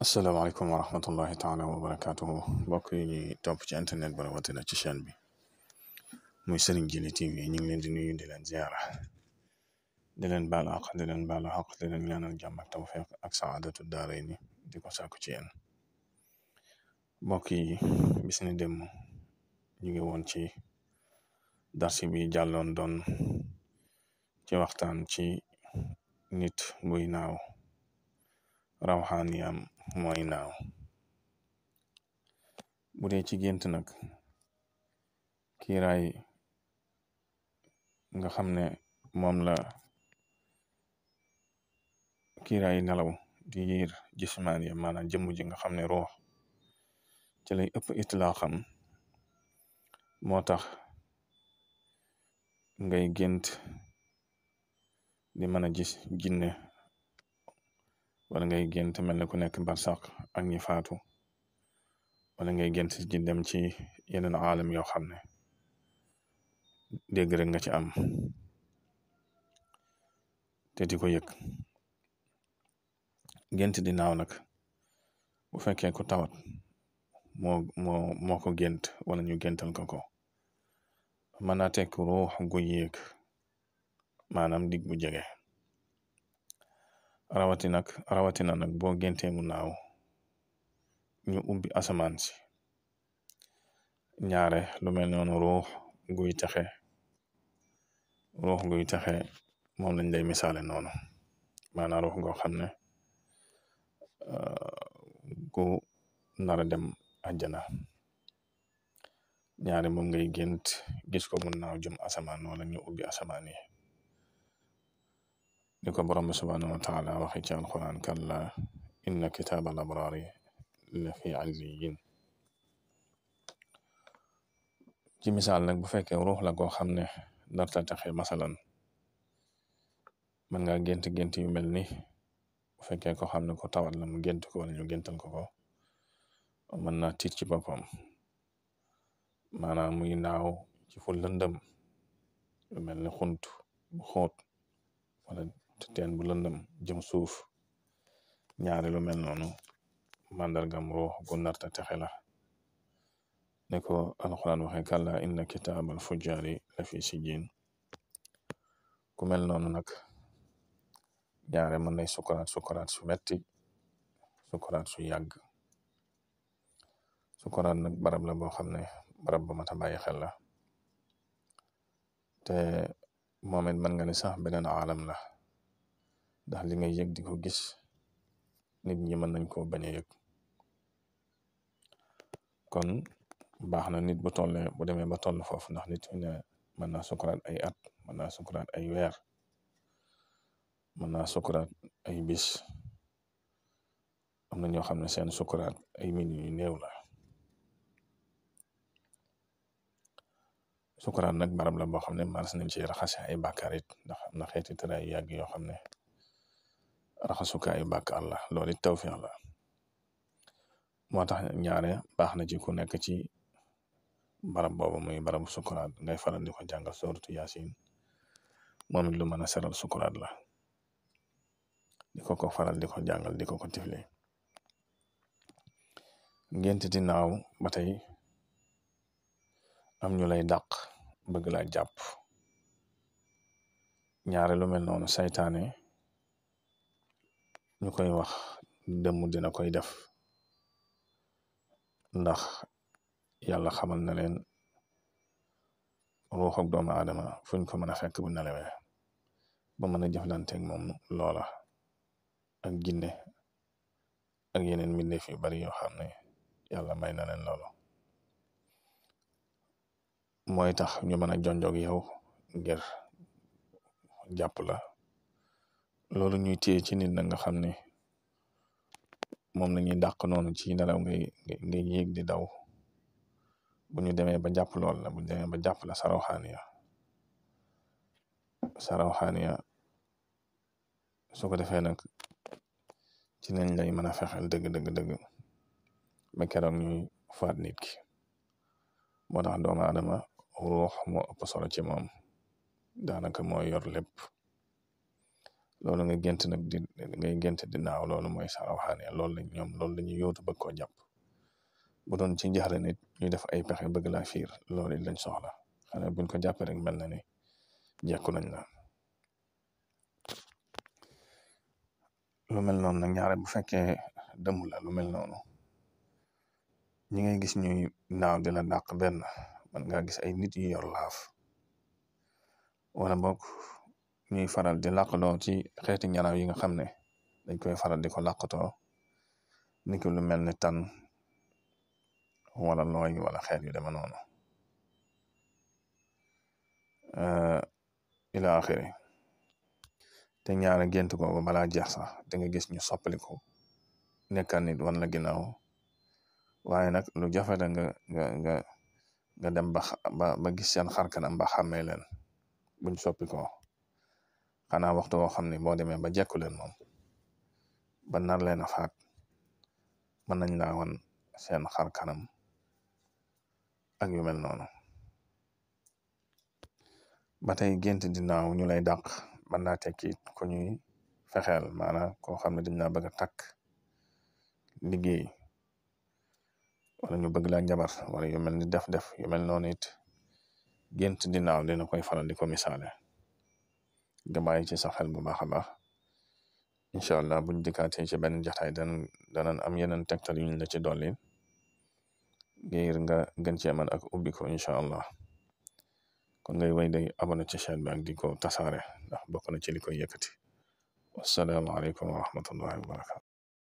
asalaamaaleykum wa rahmatullahi taala wa barakaatuhu mbokk yi ñuy ci internet ba rawatina ci chaîne bi muy Serigne Djily TV ñu ngi leen di nuyu di leen ziara di leen baal àq di leen baal àq di leen ñaanal jàmm ak ak saadatu daaray ni di ko sàkku ci yéen mbokk yi bis dem ñu ngi woon ci darsi bi jàlloon doon ci waxtaan ci nit buy naaw rawxaaniyam mooy naaw bu dee ci gént nag kiiraay nga xam ne moom la kiiraay nelaw di yiir jismaaniya maanaam jëmm ji nga xam ne ruux ci lay ëpp itlaaxam moo tax ngay gént di mën a gis jinne wala ngay gént mel ne ku nekk barsàq ak ñi faatu wala ngay gént ci dem ci yeneen aalam yoo xam ne dégg rek nga ci am te di ko yëg gént di naaw nag bu fekkee ku tawat moo moo moo ko gént wala ñu géntal ko ko mën naa tekk ruux gu yéeg maanaam dig bu jege rawati nag rawatina nag boo géntee mu naaw ñu ubbi asamaan si ñaare lu mel noonu ruux guy texe ruux guy texe moom lañ lay misaale noonu maanaam ruux goo xam ne ku euh, nar a dem àjjana ñaare moom ngay gént gis ko mu naaw jëm asamaan wala ñu ubbi asamaan yi ni ko borom bi subhaanahu wa taala waxe ci alquran kalla inna kitaaba al abraari la fi alliyin ci misaal nag bu fekkee ruux la koo xam ne narta taxe masalan mën nga gént gént yu mel ni bu fekkee ko xam ne ko tawat la mu gént ko wala ñu géntal ko ko mën naa tiit ci boppam maanaam muy naaw ci fu lëndëm lu mel ni xunt bu xóot te teen bu lëndëm jëm suuf ñaari lu mel noonu màndargam ruux gu narta la ne ko alxuraan waxe kàlla inna kitaabal fujjaari la fi sijjiin ku mel noonu nag ñaare mën nay sukuraat sukuraat su metti sukuraat su yàgg sukuraat nag barab la boo xam ne barab ba mat a bàyyi xel la te moom it mën nga ne sax beneen aalam la ndax li ngay yëg di ko gis nit ñi mën nañ koo bañ a yëg kon baax na nit bu tolle bu demee ba toll foofu ndax nit ñu ne mën naa sukuraat ay at mën naa sukuraat ay weer mën naa sukuraat ay bis am na ñoo xam ne seen sukuraat ay minutes yu néew la sukuraat nag barab la boo xam ne mars nañ ci raxase ay bakarit ndax am na xeeti tëraay yu yàgg yoo xam ne raxasukaayu bàkkaar la loolu it tawfiix la moo tax ñaare baax na ci ku nekk ci barab boobu muy barabu sukuraat ngay faral di ko jàngal sooratu yaasin moom it lu mën a seral sukuraat la di ko ko faral di ko jàngal di ko ko tifle ngent di naaw ba tey am ñu lay dàq bëgg laa jàpp ñaare lu mel noonu saytaane ñu koy wax dëmm dina koy def ndax yàlla xamal na leen ruux ak doomu aadama fuñ ko mën a fekk bu nelawee ba mën a jëflanteeg moom loola ak ginne ak yeneen mbindeef bari yoo xam ne yàlla may na leen loolu mooy tax ñu mën a jonjog yow ngir jàpp la loolu ñuy téye ci nit na nga xam ne moom la ñuy dàq noonu ci nelaw ngay ngay yéeg di daw bu ñu demee ba jàpp lool la bu ñu ba jàpp la sarawxaaniya sarawxaaniya su ko defee nag ci nañ lay mën a fexeel dëgg dëgg dëgg ba keroog ñuy faat nit moo tax doomu aadama ruux moo ëpp solo ci moom daanaka moo yor lépp. loolu nga gént nag gént di naaw loolu mooy sa rawxaane loolu lañ ñoom loolu la ñuy bëgg koo jàpp bu doon ci njaxare ne ñu def ay pexe bëgg laa fiir loolu it lañ soxla xanaa buñ ko jàppee rek mel na ni jekku nañ la lu mel noonu nag ñaare bu fekkee dëmm la lu mel noonu ñi nga gis ñuy naaw di la dàq benn man ngaa gis ay nit yu yor laaf wala bokk ñuy faral di làqatoo ci xeeti ñaraw yi nga xam ne dañ koy faral di ko làqatoo ni ki lu mel ni tan wala looy wala xeet yu deme noonu eh, ila axiri te ñaara gént googu balaa jeex sax da nga gis ñu soppaliku nekkaat nit wan la ginnaaw waaye nag lu jafe la nga nga dem ba ba gis seen xarkanam ba xàmmee leen buñ soppikoo xanaa waxtu woo xam ne boo demee ba jekku leen moom ba nar leen a faat mën nañ laa wan seen xar kanam ak yu mel noonu ba te gént dinaaw ñu lay dàq mën naa tekki ko ñuy fexeel maanaam koo xam ne dañ laa bëgg a takk liggéey wala ñu bëgg laa jabar wala yu mel ni def-def yu mel noonu it gént dinaaw dina koy faral di ko misaale nga bàyyi ci sa xel bu baax a baax incha allah buñ dikkaatee ci benn jaxtaay dan danan am yeneen tegtal yuñ la ci dolli ngir nga gën cee man ak ubbi ko allah kon ngay way day abonné ci chaîne bi ak di ko tasaare ndax bokk na ci li koy yëkkati wassalaamu